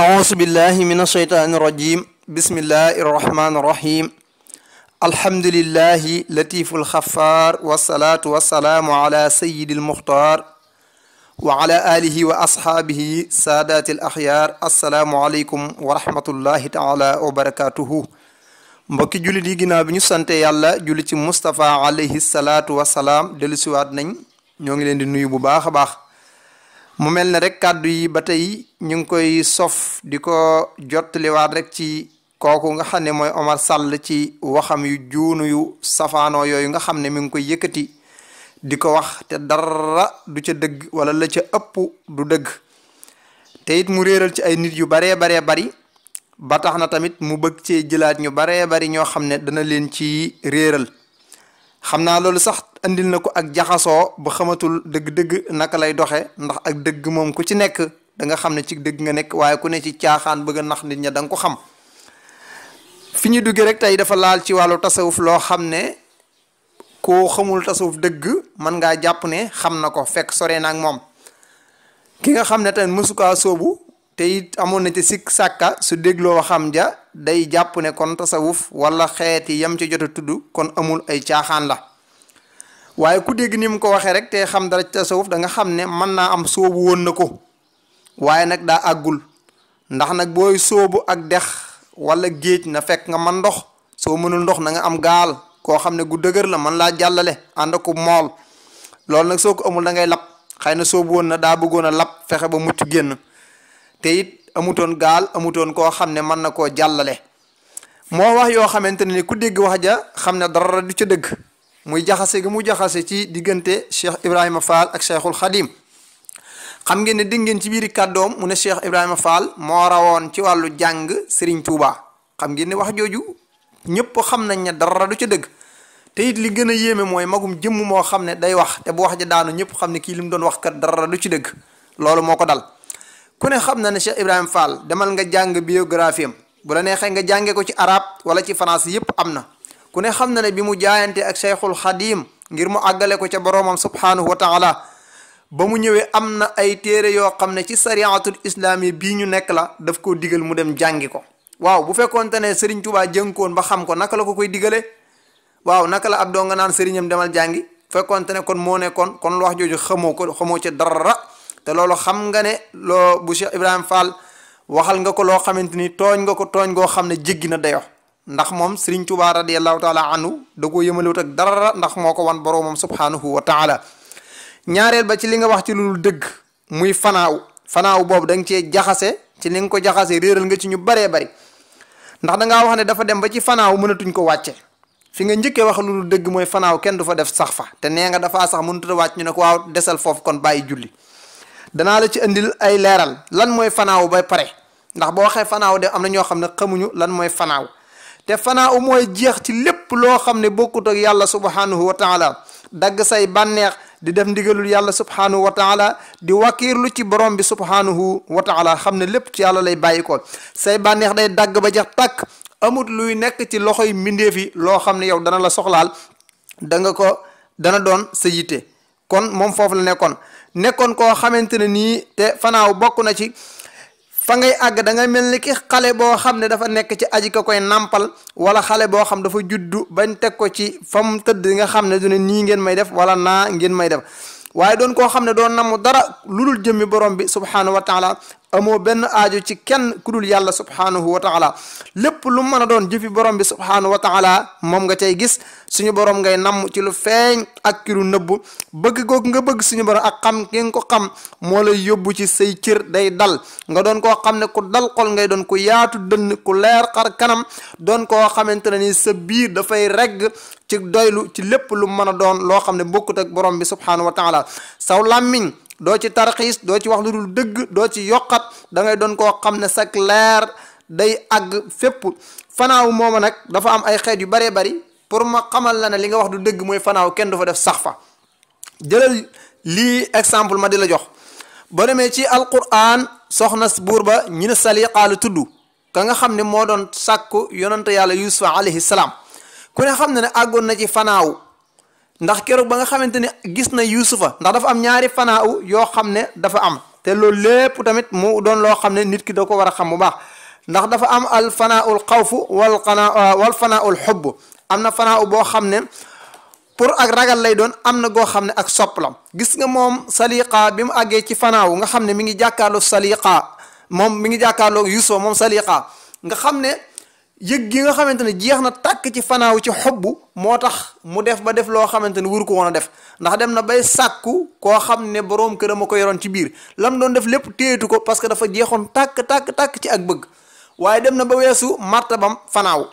أعوذ بالله من الشيطان الرجيم بسم الله الرحمن الرحيم الحمد لله لطيف الخفار والصلاة والسلام على سيد المختار وعلى آله وأصحابه سادات الأخيار السلام عليكم ورحمة الله تعالى وبركاته mbokki jullit yi ginnaaw bi ñu sante yàlla julli ci Moustapha alayhi salaatu wasalaam dellu siwaat nañ ñoo ngi leen di nuyu bu baax a baax mu mel ne rek kàddu yi ba tey ñu ngi koy sof di ko jottaliwaat rek ci kooku nga xam ne mooy Omar Sall ci waxam yu juunu yu safaano yooyu nga xam ne mi ngi koy yëkkati di ko wax te dara du ca dëgg wala la ca ëpp du dëgg te it mu réeral ci ay nit yu baree baree bari ba tax na tamit mu bëgg cee jëlaat ñu baree bari ñoo xam ne dana leen ci réeral xam naa loolu sax andil na ko ak jaxasoo ba xamatul dëgg-dëgg naka lay doxee ndax ak dëgg moom ku ci nekk da nga xam ne ci dëgg nga nekk waaye ku ne ci caaxaan bëgg a nax nit ña danga nga ko xam fi ñu duggee rek tey dafa laal ci wàllu tasawuf loo xam ne koo xamul tasawuf dëgg mën ngaa jàpp ne xam na ko fekk sore na ak moom ki nga xam ne tamit mësu te it amoon na ci sikk sàkka su dégloo xam ja day jàpp ne kon tasawuf wala xeet yi yam ci jot a tudd kon amul ay caaxaan la waaye ku dégg ni mu ko waxee rek te xam dara ci tasawuf da xam ne mën naa am soobu woon na ko waaye nag daa àggul ndax nag booy soobu ak dex wala géej na fekk nga man ndox soo mënul ndox nanga am gaal koo xam ne gu dëgër la man laa jàllale ànd ko mool loolu nag soo ko amul da ngay lab xëy na soobu woon na daa bëggoon a lab fexe ba mucc génn te it amutoon gaal amutoon koo xam ne mën na koo jàllale moo wax yoo xamante ne ku dégg wax ja xam ne dara du ca dëgg muy jaxase gi mu jaxase ci diggante Cheikh Ibrahima Fall ak Cheikhul xadim xam ngeen ne dégg ngeen ci biiri kàddoom mu ne Cheikh Ibrahima Fall moo rawoon ci wàllu jàng Serigne Touba xam ngeen ne wax jooju ñëpp xam nañ ne dara du ci dëgg te it li gën a yéeme mooy magum jëmm moo xam ne day wax te bu wax ja daanu ñëpp xam ne kii li mu doon wax kat dara du ci dëgg loolu moo ko dal ku ne xam na ne Cheikh Ibrahima Fall demal nga jàng biografiam bu la neexee nga jàngee ko ci arab wala ci français yëpp am na. ku ne xam na ne bi mu jaayante ak cheikhul xadim ngir mu àggale ko ca boroomam subhaanahu wa taala ba mu ñëwee am na ay téere yoo xam ne ci sariatul islaami bii ñu nekk la daf koo digal mu dem jàngi ko waaw bu fekkoonte ne Serigne Touba jënkoon ba xam ko naka la ko koy digalee waaw naka la ab doo nga naan sëriñam demal jàngi fekkoonte ne kon moo nekkoon kon lu wax jooju xamoo ko xamoo ci dara te loolu xam nga ne loo bu Cheikh Ibrahima waxal nga ko loo xamante ni tooñ nga ko tooñ goo xam ne jéggi na dayo ndax moom Serigne Touba radiyallahu taala anhu da koo yëmalewut ak darara ndax moo ko wan boroomam subhanahu wa taala ñaareel ba ci li nga wax ci lu dëgg muy fanaaw fanaaw boobu da nga cee jaxase ci li nga ko jaxase réeral nga ci ñu baree bari ndax da ngaa wax ne dafa dem ba ci fanaaw mënatuñ ko wàcce fi nga njëkkee wax lu dëgg mooy fanaaw kenn du fa def sax fa te nee nga dafaa sax mënut a wàcc ñu ne ko waaw desal foofu kon bàyyi julli danaa la ci indil ay leeral lan mooy fanaaw ba pare ndax boo waxee fanaaw de am na ñoo xam ne xamuñu lan mooy fanaaw. te fanaa u mooy jeex ci lépp loo xam ne bokkut ak yàlla subhanahu wa taala dagg say bànneex di def ndigalul yàlla subhanahu wa taala di wakiirlu ci borom bi subhanahu wa taala xam ne lépp ci yàlla lay bàyyi ko say bànneex day dagg ba jeex tàkk amut luy nekk ci loxoy mbindeef yi loo xam ne yow dana la soxlaal danga ko dana doon sa yitte kon moom foofu la nekkoon nekkoon koo xamante nii te fanaaw bokk na ci fa ngay àgg da mel ni ki xale boo xam ne dafa nekk ci aji ka koy nàmpal wala xale boo xam dafa juddu bañ teg ko ci fa mu tëdd nga xam ne du ne nii ngeen may def wala naa ngeen may def waaye doon koo xam ne doon namu dara lu dul jëmmi borom bi subhaanahu wa taala amoo benn aajo ci kenn ku dul yàlla subhaanahu wa taala lépp lu mën a doon jëfi borom bi subhaanahu wa taala moom nga cay gis suñu borom ngay namm ci lu feeñ ak ci lu nëbbu bëgg googu nga bëgg suñu borom ak xam ki nga ko xam moo lay yóbbu ci say cër day dal nga doon koo xam ne ku dal xol ngay doon ku yaatu dënn ku leer xar kanam doon koo xamante ne ni sa biir dafay regg ci doylu ci lépp lu mën a doon loo xam ne bokkut ak borom bi subhaanahu wa taala saw làmmiñ doo ci tarxiis doo ci wax lu dul dëgg doo ci yokkat da ngay doon koo xam ne sak leer day àgg fépp fanaaw moom nag dafa am ay xeet yu baree bari pour ma xamal la ne li nga wax du dëgg mooy fanaaw kenn du fa def sax fa jëlal li exemple ma di la jox boo demee ci alquran soxna buur ba ñi ne saliqa la tudd ka nga xam ne moo doon sàkku yonante yàlla yusufa alayhi salaam ku ne xam ne ne àggoon na ci fanaaw ndax keroog ba nga xamante ne gis na yuusufa ndax dafa am ñaari fanaaw yoo xam ne dafa am te loolu lépp tamit mu doon loo xam ne nit ki da ko war a xam bu baax ndax dafa am al fanaaul xawfu wal euh, fanaa wal fanaaul xubb am na fanaaw boo xam ne pour ak ragal lay doon am na goo xam ne ak soppalam gis nga moom saliqa bi mu àggee ci fanaaw nga xam ne mi ngi jàkkaarloo saliqa moom mi ngi jàkkaarloo yuusufa moom saliqa nga xam ne yëg gi nga xamante ne jeex na tàkk ci fanaaw ci xobbu moo tax mu def ba def loo xamante ne wuru ko woon a def ndax dem na bay sàkku koo xam ne boroom këram a ko yoroon ci biir lam doon def lépp téyetu ko parce que dafa jeexoon tàkk tàkk tàkk ci ak bëgg waaye dem na ba weesu martabam fanaaw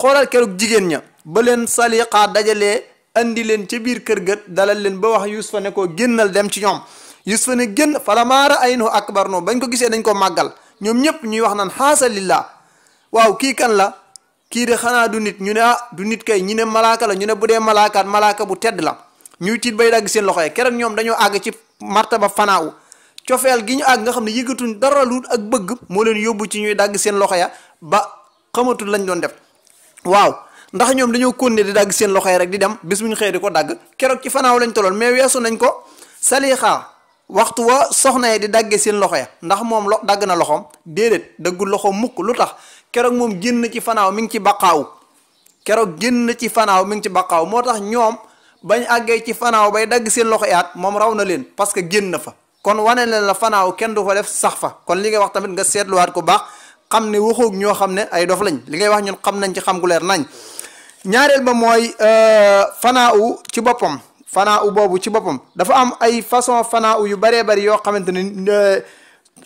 xoolal keroog jigéen ña ba leen saliqaa dajalee indi leen ci biir kër ga dalal leen ba wax yusufa ne koo génnal dem ci ñoom yusufa ne génn fala maara aynahu akbar noo bañ ko gisee dañ ko màggal ñoom ñëpp ñuy wax naan xaasa lillah waaw kii kan la kii de xanaa du nit ñu ne ah du nit kay ñu ne malaaka la ñu ne bu dee malaakaat malaaka bu tedd la ñuy tiit bay dagg seen loxo yi keroog ñoom dañoo àgg ci martaba fanaaw cofeel gi ñu àgg nga xam ne yëgatuñ dara lu ak bëgg moo leen yóbbu ci ñuy dagg seen loxo ya ba xamatul lañ doon def waaw ndax ñoom dañoo konne di dagg seen loxo yi rek di dem bis bu ñu xëyee di ko dagg keroog ci fanaaw lañ toloon mais weesu nañ ko salixa waxtu wa soxna yi di dagge seen loxo ya ndax moom lo dagg na loxoom déedéet daggul loxoom mukk lu tax keroog moom génn ci fanaaw mi ngi ci baqaaw keroog génn ci fanaaw mi ngi ci baqaaw moo tax ñoom bañ àggee ci fanaaw bay dagg seen loxo yaat moom raw na leen parce que génn na fa kon wanee leen la fanaaw kenn du ko def sax fa kon li ngay wax tamit nga seetluwaat ko baax xam ne waxoog ñoo xam ne ay dof lañ li ngay wax ñun xam nañ ci xam gu leer nañ ñaareel ba mooy euh, fanaaw ci boppam fanaa boobu ci boppam dafa am ay façon fanaa yu bëree bëri yoo xamante ne euh,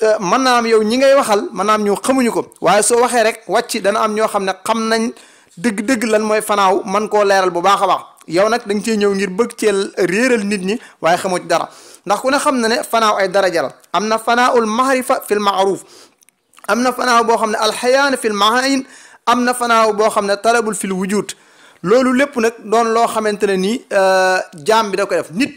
euh, mën naa am yow ñi ngay waxal manaam naa am xamuñu ko waaye soo waxee rek wàcc dana am ñoo xam ne xam nañ dëgg-dëgg lan mooy fanaaw man koo leeral bu baax a baax yow nag da nga ñëw ngir bëgg cee réeral nit ñi waaye xamoo ci dara ndax ku ne xam na ne fanaaw ay dara la am na fanaaul mahrifa fil maaruf am na fanaaw boo xam ne alxayaan fil maayin am na fanaaw boo xam ne talabul fil wujud loolu lépp nag doon loo xamante ne nii euh, jaam bi da koy def nit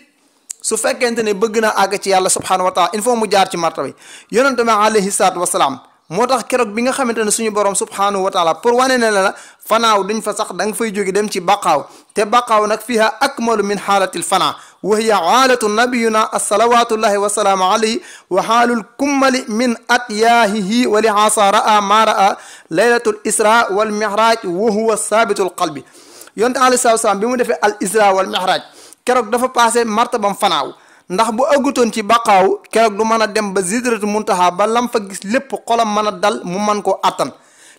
su fekkente ne bëgg na àgg ci yàlla subhanahu wa taala il faut mu jaar ci martaba yi yonent bi alayhi salaatu wasalaam moo tax keroog bi nga xamante ne suñu borom subhanahu wa taala pour wane ne la la fanaaw duñ fa sax da nga fay jóge dem ci baqaaw te baqaaw nag fiha akmalu min xaalatil fanaa wa hiya xaalatu nabiyuna asalawatullahi wasalaamu alayhi wa xaalul kummali min atyaahihi wa li xaasa raa maa raa laylatul isra wal miraaj wa huwa saabitul qalbi yonte alayhi salaam bi mu defee al isra wal mihraj keroog dafa passé martabam fanaaw ndax bu ëggutoon ci baqaaw keroog du mën a dem ba sidratu muntaha ba lam fa gis lépp xolam mën a dal mu man ko attan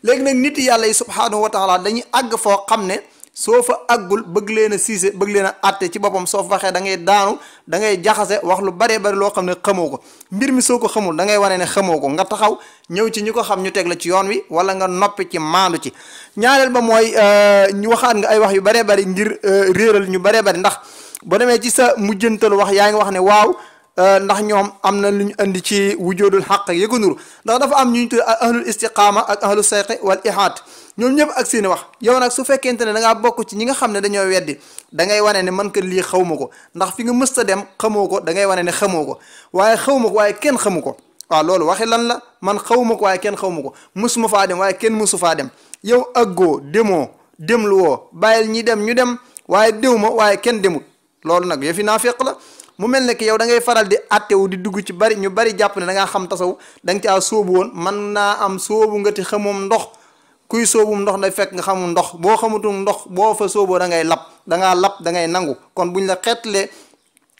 léegi nag nit yàlla yi subhaanahu wa taala dañuy àgg foo xam ne soo fa àggul bëgg leen a siise bëgg leen a àtte ci boppam soo fa waxee da ngay daanu da ngay jaxase wax lu baree bari loo xam ne xamoo ko mbir mi soo ko xamul da ngay wane ne xamoo ko nga taxaw ñëw ci ñi ko xam ñu teg la ci yoon wi wala nga noppi ci maandu ci ñaareel ba mooy euh, ñu waxaat nga ay wax yu baree bari ngir euh, réeral ñu baree bari ndax boo demee ci sa mujjantal wax yaa ngi wax ne waaw Euh, ndax ñoom am na lu ñu indi ci wujudul xaq ak yëgu nur ndax dafa am ñu ñu tuddee ahlul istiqaama ak ahlul sayqi wal ihaat ñoom ñëpp ak seeni wax yow nag su fekkente ne da ngaa bokk ci ñi nga xam ne dañoo weddi da ngay wane ne man kat lii xaw ma ko ndax fi nga mës a dem xamoo ko dangay wane ne xamoo ko waaye xaw ma ko waaye kenn xamu ko waaw loolu waxi lan la man xaw ko waaye kenn xaw ma ko mus faa dem waaye kenn musu faa dem yow aggoo demoo demlu woo bàyyil ñi dem ñu dem waaye déw ma waaye kenn demut loolu nag yëfi naafiq la mu mel na que yow dangay faral di attewu di dugg ci bari ñu bari jàpp ne da ngaa xam tasaw da nga caa sóobu woon mën naa am soobu nga ti xamoom ndox kuy sóobum ndox day fekk nga xamul ndox boo xamutum ndox boo fa sóoboo da ngay lab da ngaa da ngay nangu kon buñ la xeetlee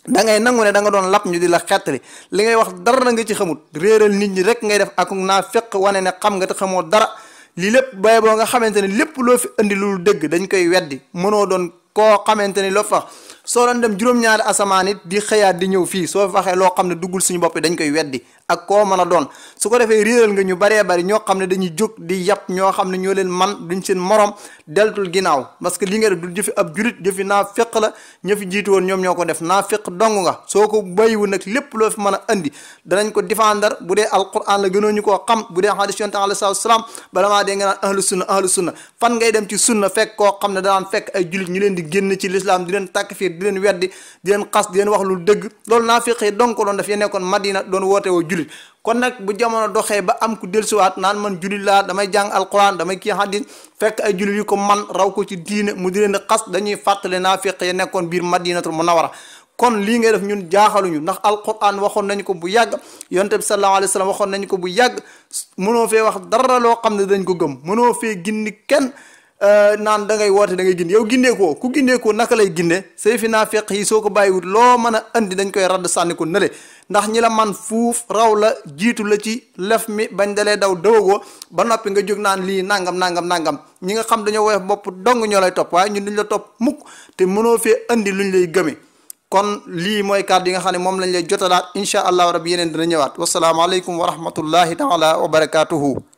da ngay nangu ne da nga doon lap ñu di la xettali li ngay wax dara nga ci xamut réeral nit ñi rek ngay def ak naa fekk wane ne xam nga te xamoo dara lii lépp bay boo nga xamante ne lépp loo fi indi lu dëgg dañ koy weddi mënoo doon koo xamante ni loo fa soo doon dem juróom-ñaari asamaan it di xëyaat di ñëw fii soo waxee loo xam ne duggul suñu bopp dañ koy weddi ak koo mën a doon su ko defee réeral nga ñu baree bari ñoo xam ne dañuy jóg di yàpp ñoo xam ne ñoo leen man duñ seen morom deltul ginnaaw parce que li nga def du jëfi ab naa féq la ña fi jiitu woon ñoom ñoo ko def naa féq dong nga soo ko bàyyiwu nag lépp loo fi mën a indi danañ ko défendre bu dee alquran la gënoo ñu koo xam bu dee xadis yonte alayhi salaatu salaam bala maa dee nga naan ahlu sunna ahlu sunna fan ngay dem ci sunna fekk koo xam ne danaan fekk ay julit leen di génn ci lislaam di leen fii di leen weddi di leen xas di leen wax lu dëgg loolu naafiq yi donc doon dafay nekkoon madina doon woote woo julit kon nag bu jamono doxee ba am ku dellusiwaat naan man julit laa damay jàng alquran damay kii hadis fekk ay julit yu ko man raw ko ci diine mu di leen xas dañuy fàttale naafiq yi nekkoon biir madinatul munawara kon lii ngay def ñun jaaxaluñu ndax alquran waxoon nañu ko bu yàgg yonte bi sallallahu alayhi wa waxoon nañu ko bu yàgg mënoo fee wax dara loo xam ne dañ ko gëm Euh, naan da ngay woote da ngay ginde yow gindeekoo ku gindeekoo naka lay ginde say fi naa feq yi soo ko bàyyiwut loo mën a indi dañ koy radd sànni ko nële ndax ñi la man fuuf raw la jiitu la ci lef mi bañ dalee daw dawagoo ba noppi nga jóg naan lii nangam nangam nangam ñi nga xam dañoo woyof bopp dong ñoo lay topp waaye ñun duñ la topp mukk te mënoo fee andi luñ lay gëme kon lii mooy kàddu yi nga xam ne moom lañ lay jotalaat incha allahu rabbi yeneen dina ñëwaat wasalaamaaleykum wa rahmatullahi taala wa barakatuhu